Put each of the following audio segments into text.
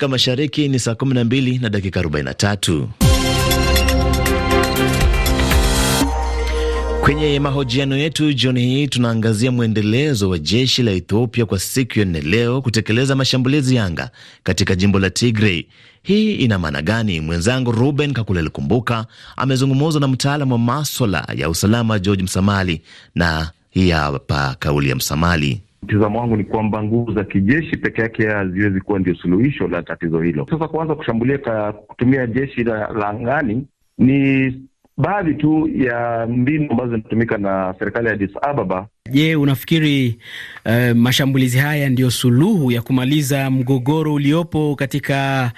Afrika Mashariki ni saa 12 na dakika 43. Kwenye mahojiano yetu jioni hii tunaangazia mwendelezo wa jeshi la Ethiopia kwa siku ya nne leo kutekeleza mashambulizi yanga katika jimbo la Tigray. Hii ina maana gani? Mwenzangu Ruben Kakule Likumbuka amezungumuzwa na mtaalamu wa maswala ya usalama George Msamali, na hii hapa kauli ya Msamali. Mtizamo wangu ni kwamba nguvu za kijeshi peke yake haziwezi kuwa ndio suluhisho la tatizo hilo. Sasa kuanza kushambulia kutumia jeshi la, la angani ni baadhi tu ya mbinu ambazo zinatumika na serikali ya Addis Ababa. Je, unafikiri uh, mashambulizi haya ndiyo suluhu ya kumaliza mgogoro uliopo katika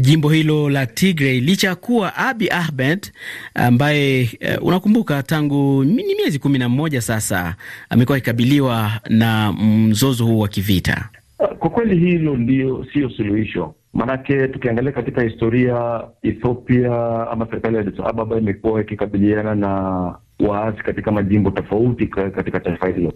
jimbo hilo la Tigray, licha ya kuwa Abiy Ahmed ambaye uh, unakumbuka tangu ni miezi kumi na moja sasa amekuwa akikabiliwa na mzozo huu wa kivita? Kwa kweli hilo ndio, siyo suluhisho Maanake tukiangalia katika historia, Ethiopia ama serikali ya Addis Ababa imekuwa ikikabiliana na waasi katika majimbo tofauti katika taifa hilo,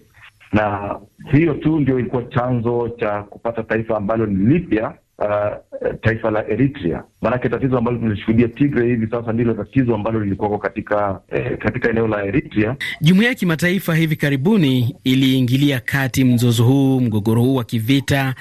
na hiyo tu ndio ilikuwa chanzo cha kupata taifa ambalo ni Libya uh, taifa la Eritrea. Maanake tatizo ambalo tunalishuhudia Tigray hivi sasa ndilo tatizo ambalo lilikuwako katika eh, katika eneo la Eritrea. Jumuiya ya kimataifa hivi karibuni iliingilia kati mzozo huu, mgogoro huu wa kivita,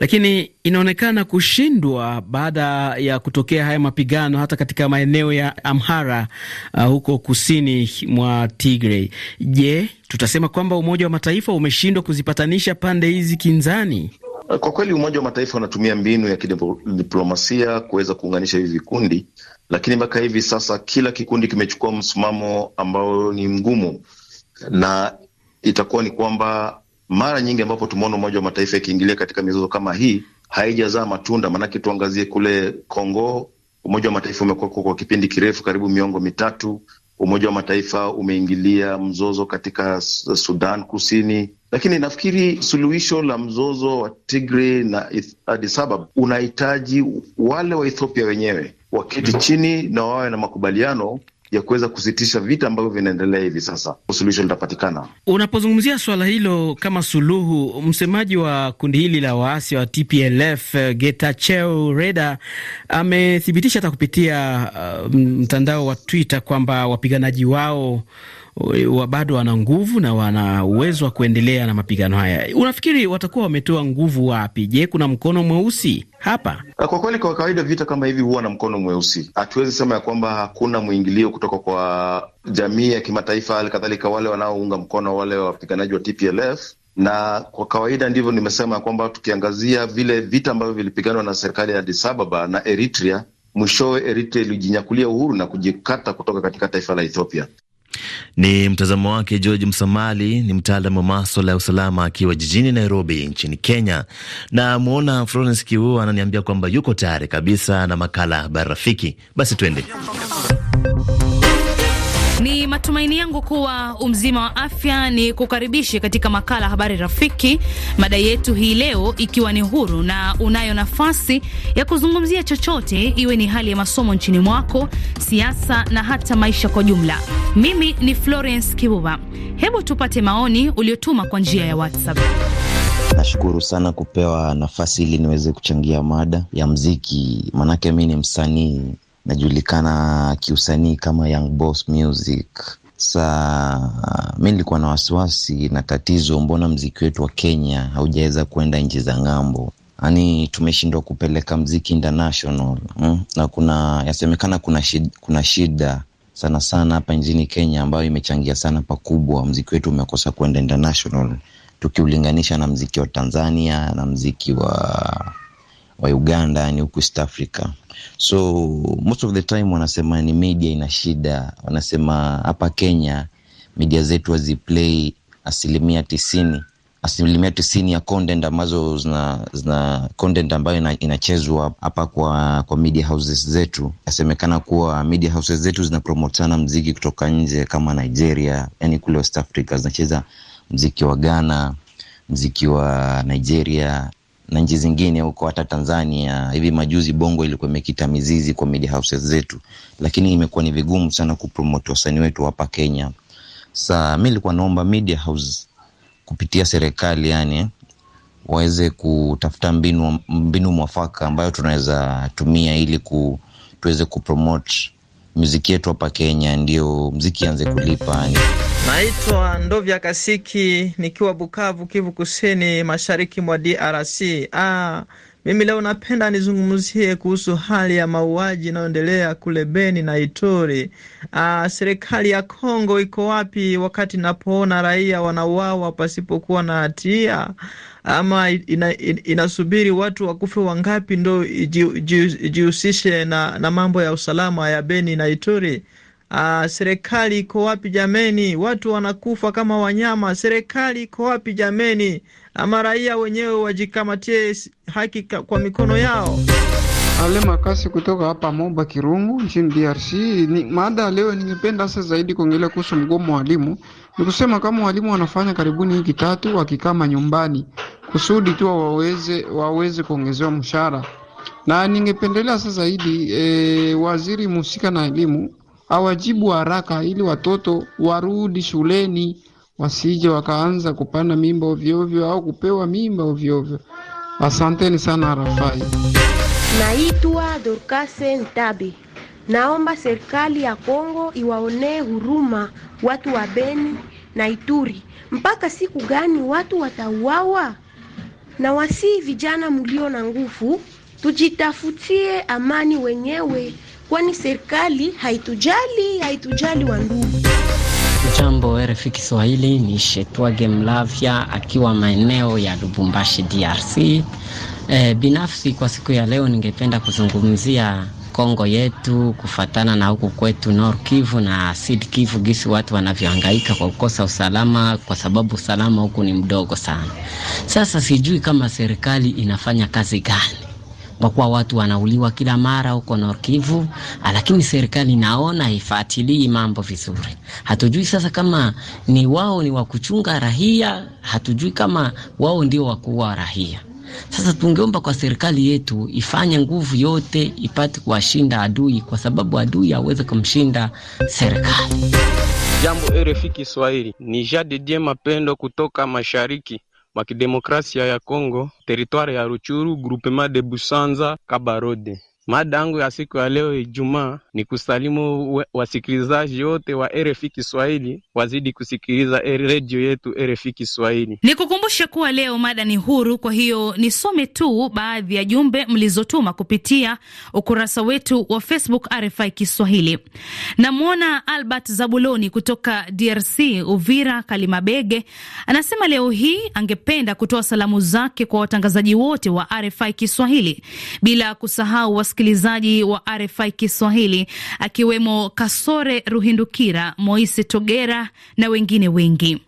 lakini inaonekana kushindwa baada ya kutokea haya mapigano hata katika maeneo ya Amhara, uh, huko kusini mwa Tigray. Je, tutasema kwamba Umoja wa Mataifa umeshindwa kuzipatanisha pande hizi kinzani? Kwa kweli Umoja wa Mataifa unatumia mbinu ya kidiplomasia kuweza kuunganisha hivi vikundi, lakini mpaka hivi sasa kila kikundi kimechukua msimamo ambao ni mgumu, na itakuwa ni kwamba mara nyingi ambapo tumeona Umoja wa Mataifa ikiingilia katika mizozo kama hii haijazaa matunda. Maanake tuangazie kule Kongo, Umoja wa Mataifa umekuwa kwa kipindi kirefu, karibu miongo mitatu. Umoja wa Mataifa umeingilia mzozo katika Sudan Kusini lakini nafikiri suluhisho la mzozo wa Tigray na Addis Ababa unahitaji wale wa Ethiopia wenyewe waketi chini na wawe na makubaliano ya kuweza kusitisha vita ambavyo vinaendelea hivi sasa, suluhisho litapatikana. Unapozungumzia swala hilo kama suluhu, msemaji wa kundi hili la waasi wa TPLF eh, Getachew Reda amethibitisha hata kupitia uh, mtandao wa Twitter kwamba wapiganaji wao bado wana nguvu na wana uwezo wa kuendelea na mapigano haya. Unafikiri watakuwa wametoa nguvu wapi? Je, kuna mkono mweusi hapa? Ah, kwa kweli, kwa kawaida vita kama hivi huwa na mkono mweusi. Hatuwezi sema ya kwamba hakuna mwingilio kutoka kwa jamii ya kimataifa, hali kadhalika wale wanaounga mkono wale wapiganaji wa TPLF na kwa kawaida ndivyo nimesema kwamba tukiangazia vile vita ambavyo vilipiganwa na serikali ya Addis Ababa na Eritrea, mwishowe Eritrea ilijinyakulia uhuru na kujikata kutoka katika taifa la Ethiopia. Ni mtazamo wake George Msamali, ni mtaalamu wa maswala ya usalama akiwa jijini Nairobi nchini Kenya. Na mwona Florence Kiu ananiambia kwamba yuko tayari kabisa na makala ya habari rafiki. Basi twende ni matumaini yangu kuwa umzima wa afya. Ni kukaribishe katika makala Habari Rafiki, mada yetu hii leo ikiwa ni huru na unayo nafasi ya kuzungumzia chochote, iwe ni hali ya masomo nchini mwako, siasa na hata maisha kwa jumla. Mimi ni Florence Kibuba. Hebu tupate maoni uliotuma kwa njia ya WhatsApp. Nashukuru sana kupewa nafasi ili niweze kuchangia mada ya mziki, manake mi ni msanii najulikana kiusanii kama Young Boss Music. Sa mi nilikuwa na wasiwasi na tatizo, mbona mziki wetu wa Kenya haujaweza kuenda nchi za ng'ambo? Yani tumeshindwa kupeleka mziki international mm? na kuna yasemekana kuna shida, kuna shida sana sana hapa nchini Kenya ambayo imechangia sana pakubwa mziki wetu umekosa kuenda international, tukiulinganisha na mziki wa Tanzania na mziki wa wa Uganda, yani huku East Africa. So most of the time wanasema ni media ina shida, wanasema hapa Kenya media zetu haziplay asilimia tisini asilimia tisini ya content ambazo zina, zina content ambayo inachezwa hapa kwa, kwa media houses zetu. Inasemekana kuwa media houses zetu zinapromote sana mziki kutoka nje kama Nigeria, yani kule West Africa zinacheza mziki wa Ghana, mziki wa Nigeria, na nchi zingine huko, hata Tanzania. Hivi majuzi bongo ilikuwa imekita mizizi kwa media houses zetu, lakini imekuwa ni vigumu sana kupromote wasanii wetu hapa Kenya. sa mi nilikuwa naomba media house kupitia serikali yani waweze kutafuta mbinu, mbinu mwafaka ambayo tunaweza tumia ili ku, tuweze kupromote muziki yetu hapa Kenya, ndio muziki anze kulipa. Naitwa Ndovya Kasiki nikiwa Bukavu, Kivu Kusini, mashariki mwa DRC. Ah, mimi leo napenda nizungumzie kuhusu hali ya mauaji inayoendelea kule Beni na Ituri. Aa, ah, serikali ya Kongo iko wapi wakati napoona raia wanauawa pasipokuwa na hatia? Ama ina, inasubiri watu wakufe wangapi ndo ijihusishe na, na mambo ya usalama ya Beni na Ituri? Aa, ah, serikali iko wapi jameni? Watu wanakufa kama wanyama. Serikali iko wapi jameni? ama raia wenyewe wajikamatie haki kwa mikono yao. Ale Makasi kutoka hapa Moba Kirungu nchini DRC. Ni mada ya leo, ningependa sasa zaidi kuongelea kuhusu mgomo wa walimu. Ni kusema kama walimu wanafanya karibuni wiki tatu wakikama nyumbani kusudi tu waweze waweze kuongezewa mshahara, na ningependelea sasa zaidi e, waziri mhusika na elimu awajibu haraka ili watoto warudi shuleni wasije wakaanza kupanda mimba ovyovyo au kupewa mimba ovyovyo Asanteni sana Rafai. Naitwa Dorkase Ntabi. Naomba serikali ya Kongo iwaonee huruma watu wa Beni na Ituri. Mpaka siku gani watu watauawa? Na wasii vijana mulio na nguvu, tujitafutie amani wenyewe, kwani serikali haitujali, haitujali wa ndugu. Jambo RFI Kiswahili, ni Shetwage Mlavya akiwa maeneo ya Lubumbashi, DRC. E, eh, binafsi kwa siku ya leo ningependa kuzungumzia Kongo yetu kufatana na huku kwetu Nord Kivu na sid Kivu, gisi watu wanavyohangaika kwa kukosa usalama, kwa sababu usalama huku ni mdogo sana. Sasa sijui kama serikali inafanya kazi gani kwa kuwa watu wanauliwa kila mara huko North Kivu, lakini serikali naona ifatilii mambo vizuri. Hatujui sasa kama ni wao ni wa kuchunga rahia, hatujui kama wao ndio wakuwa rahia. Sasa tungeomba kwa serikali yetu ifanye nguvu yote ipate kuwashinda adui, kwa sababu adui aweze kumshinda serikali. Jambo RFI Kiswahili, ni Jade Die Mapendo kutoka mashariki mwa Kidemokrasia ya Kongo, teritwari ya Ruchuru, grupema de Busanza-Kabarode Mada yangu ya siku ya leo Ijumaa ni kusalimu wasikilizaji wote wa RFI Kiswahili, wazidi kusikiliza redio yetu RFI Kiswahili. Nikukumbushe kuwa leo mada ni huru, kwa hiyo nisome tu baadhi ya jumbe mlizotuma kupitia ukurasa wetu wa Facebook RFI Kiswahili. Namwona Albert Zabuloni kutoka DRC, Uvira Kalimabege, anasema leo hii angependa kutoa salamu zake kwa watangazaji wote wa RFI Kiswahili bila kusahau wasikilizaji wa RFI Kiswahili, akiwemo Kasore Ruhindukira, Moise Togera na wengine wengi.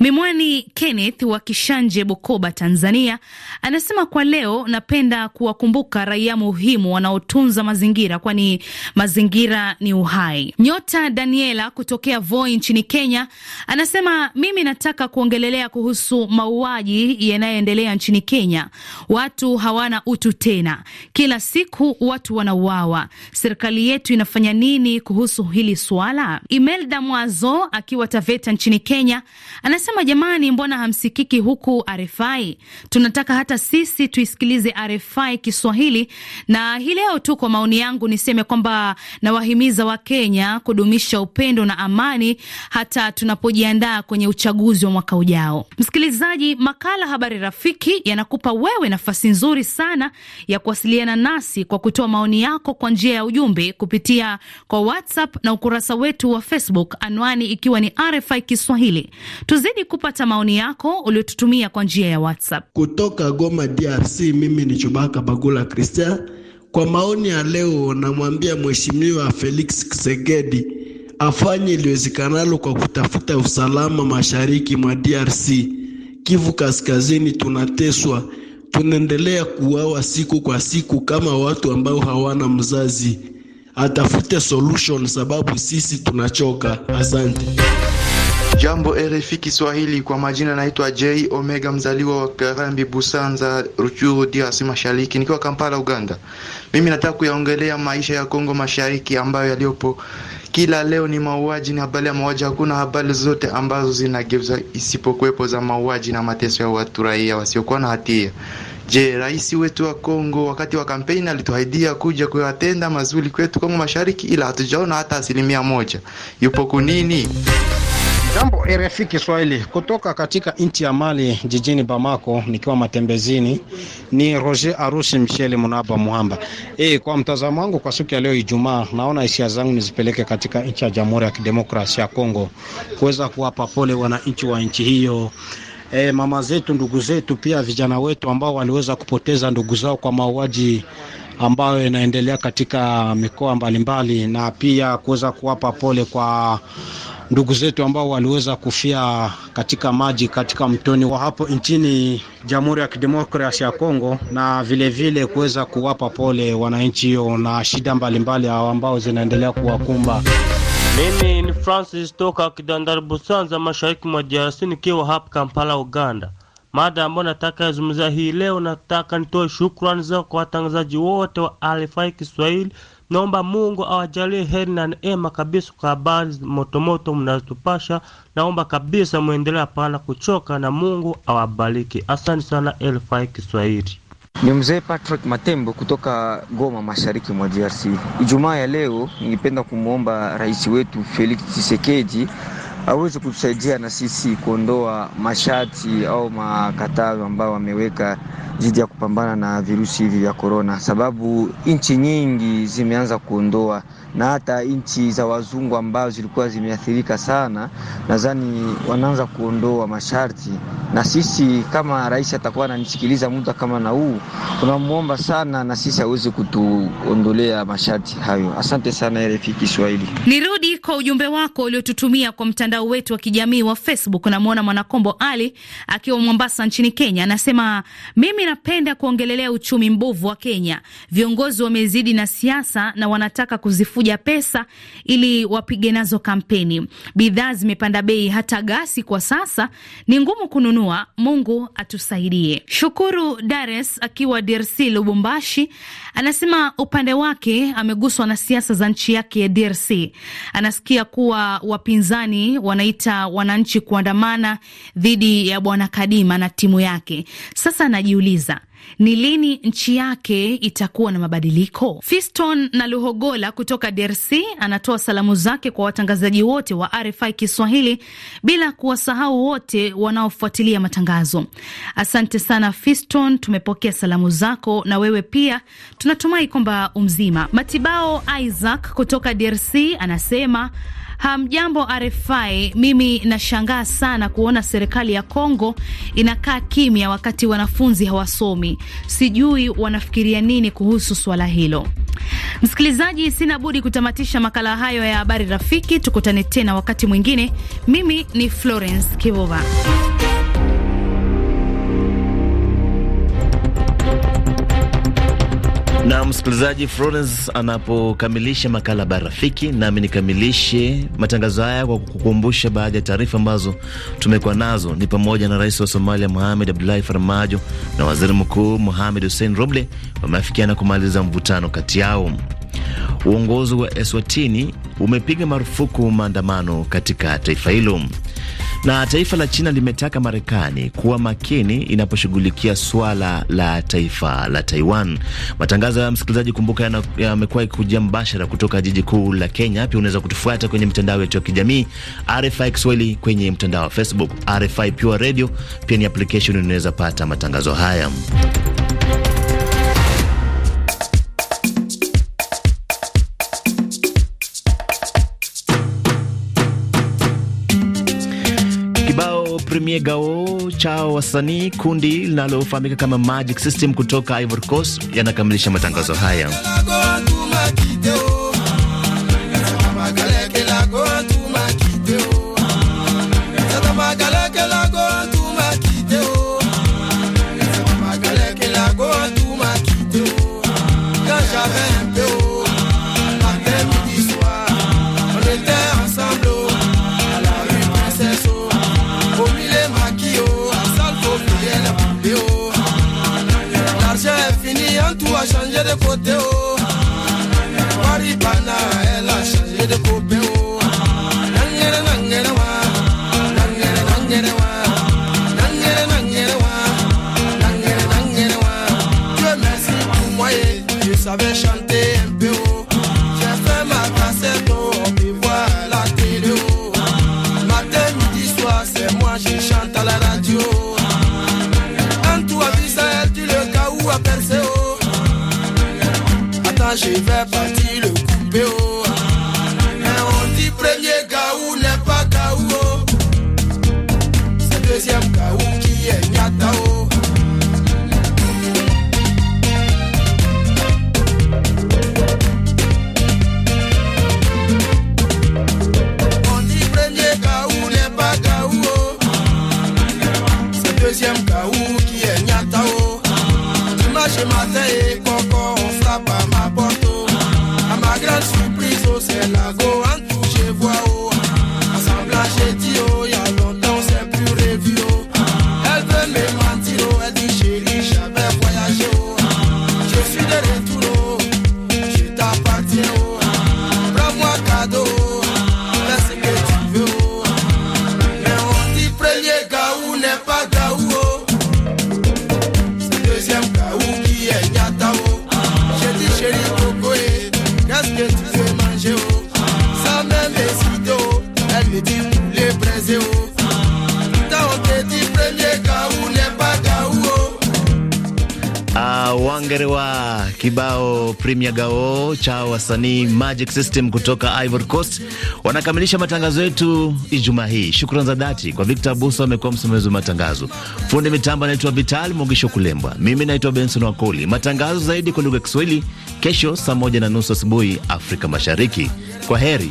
Mimwani Kenneth wa Kishanje, Bukoba, Tanzania, anasema kwa leo napenda kuwakumbuka raia muhimu wanaotunza mazingira, kwani mazingira ni uhai. Nyota Daniela kutokea Voi nchini Kenya anasema mimi nataka kuongelelea kuhusu mauaji yanayoendelea nchini Kenya. Watu hawana utu tena, kila siku watu wanauawa. Serikali yetu inafanya nini kuhusu hili swala? Imelda Mwazo akiwa Taveta nchini Kenya Anasema jamani, mbona hamsikiki huku RFI? Tunataka hata sisi tuisikilize RFI Kiswahili. Na hii leo tu kwa maoni yangu niseme kwamba nawahimiza Wakenya kudumisha upendo na amani hata tunapojiandaa kwenye uchaguzi wa mwaka ujao. Msikilizaji, makala Habari Rafiki yanakupa wewe nafasi nzuri sana ya kuwasiliana nasi kwa kutoa maoni yako kwa njia ya ujumbe kupitia kwa WhatsApp na ukurasa wetu wa Facebook, anwani ikiwa ni RFI Kiswahili. Tuzidi kupata maoni yako uliotutumia kwa njia ya WhatsApp. Kutoka Goma, DRC, mimi ni Chubaka Bagula Christian. Kwa maoni ya leo, namwambia Mheshimiwa Felix Kisegedi afanye iliwezekanalo kwa kutafuta usalama mashariki mwa DRC. Kivu Kaskazini tunateswa, tunaendelea kuuawa siku kwa siku kama watu ambao hawana mzazi. Atafute solution, sababu sisi tunachoka. Asante. Jambo RFI Kiswahili, kwa majina naitwa J Omega, mzaliwa wa Karambi Busanza, Ruchuru, DRC Mashariki, nikiwa Kampala, Uganda. Mimi nataka kuyaongelea maisha ya Kongo Mashariki ambayo yaliyopo kila leo ni mauaji, ni habari ya mauaji. Hakuna habari zote ambazo zinageuza isipokuwepo za mauaji na mateso ya watu raia wasiokuwa na hatia. Je, rais wetu wa Kongo wakati wa kampeni alituahidia kuja kuyatenda mazuri kwetu Kongo Mashariki, ila hatujaona hata asilimia moja. Yupo kunini? Jambo RFI Kiswahili kutoka katika nchi ya Mali jijini Bamako, nikiwa matembezini. Ni Roger Arusi Mshele Munaba Muhamba. E, kwa mtazamo wangu kwa siku ya leo Ijumaa, naona hisia zangu nizipeleke katika nchi ya Jamhuri ya Kidemokrasia ya Kongo, kuweza kuwapa pole wananchi wa nchi hiyo. E, mama zetu, ndugu zetu, pia vijana wetu ambao waliweza kupoteza ndugu zao kwa mauaji ambayo inaendelea katika mikoa mbalimbali, na pia kuweza kuwapa pole kwa ndugu zetu ambao waliweza kufia katika maji katika mtoni wa hapo nchini Jamhuri ya Kidemokrasia ya Kongo, na vilevile kuweza kuwapa pole wananchi hiyo na shida mbalimbali ambao zinaendelea kuwakumba. Mimi ni Francis toka Kidandari Busanza, mashariki mwa DRC, nikiwa hapa Kampala, Uganda. Mada ambayo nataka zungumza hii leo, nataka nitoe shukrani zao kwa watangazaji wote wa alifai Kiswahili. Naomba Mungu awajalie heri na neema kabisa kwa habari motomoto mnazotupasha. Naomba kabisa mwendelee, hapana kuchoka, na Mungu awabariki. Asante sana Alifai Kiswahili. Ni mzee Patrick Matembo kutoka Goma, mashariki mwa DRC. Ijumaa ya leo ningependa kumwomba rais wetu Felix Tshisekedi aweze kutusaidia na sisi kuondoa masharti au makatazo ambayo wameweka dhidi ya kupambana na virusi hivi vya korona, sababu nchi nyingi zimeanza kuondoa na hata nchi za wazungu ambazo zilikuwa zimeathirika sana, nadhani wanaanza kuondoa masharti. Na sisi kama rais atakuwa ananisikiliza muda kama na huu, tunamwomba sana na sisi aweze kutuondolea masharti hayo. Asante sana RFI Kiswahili. Nirudi kwa ujumbe wako uliotutumia kwa mtandao wetu wa kijamii wa Facebook. Namwona Mwanakombo Ali akiwa Mombasa nchini Kenya, anasema mimi napenda kuongelelea uchumi mbovu wa Kenya. Viongozi wamezidi na siasa na wanataka kuzifuja kuvuja pesa ili wapige nazo kampeni. Bidhaa zimepanda bei, hata gasi kwa sasa ni ngumu kununua. Mungu atusaidie. Shukuru Dares akiwa DRC Lubumbashi anasema upande wake ameguswa na siasa za nchi yake ya DRC. Anasikia kuwa wapinzani wanaita wananchi kuandamana dhidi ya Bwana Kadima na timu yake. Sasa anajiuliza ni lini nchi yake itakuwa na mabadiliko? Fiston na Luhogola kutoka DRC anatoa salamu zake kwa watangazaji wote wa RFI Kiswahili bila kuwasahau wote wanaofuatilia matangazo. Asante sana Fiston, tumepokea salamu zako na wewe pia tunatumai kwamba umzima. Matibao Isaac kutoka DRC anasema Hamjambo RFI. Mimi nashangaa sana kuona serikali ya Kongo inakaa kimya wakati wanafunzi hawasomi. Sijui wanafikiria nini kuhusu swala hilo. Msikilizaji, sina budi kutamatisha makala hayo ya habari rafiki. Tukutane tena wakati mwingine. Mimi ni Florence Kivova. na msikilizaji, Florence anapokamilisha makala barafiki, nami nikamilishe matangazo haya kwa kukumbusha baadhi ya taarifa ambazo tumekuwa nazo. Ni pamoja na rais wa Somalia Mohamed Abdullahi Farmajo na waziri mkuu Mohamed Hussein Roble wameafikiana kumaliza mvutano kati yao. Uongozi wa Eswatini umepiga marufuku maandamano katika taifa hilo. Na taifa la China limetaka Marekani kuwa makini inaposhughulikia swala la taifa la Taiwan. Matangazo ya msikilizaji, kumbuka, yamekuwa ya ikuja mbashara kutoka jiji kuu la Kenya. Pia unaweza kutufuata kwenye mitandao yetu ya kijamii RFI Kiswahili kwenye mtandao wa Facebook, RFI Pure Radio. Pia ni application unaweza pata matangazo haya. Premier Gao cha wasanii kundi linalofahamika kama Magic System kutoka Ivory Coast yanakamilisha matangazo haya. yede kote j'ai fait pas wa kibao Premier Gao cha wasanii Magic System kutoka Ivory Coast wanakamilisha matangazo yetu Ijumaa hii. Shukrani za dhati kwa Victor Buso, amekuwa msimamizi wa matangazo. Fundi mitambo anaitwa Vital Mugisho Kulembwa, mimi naitwa Benson Wakoli. Matangazo zaidi kwa lugha ya Kiswahili kesho saa moja na nusu asubuhi Afrika Mashariki. Kwa heri.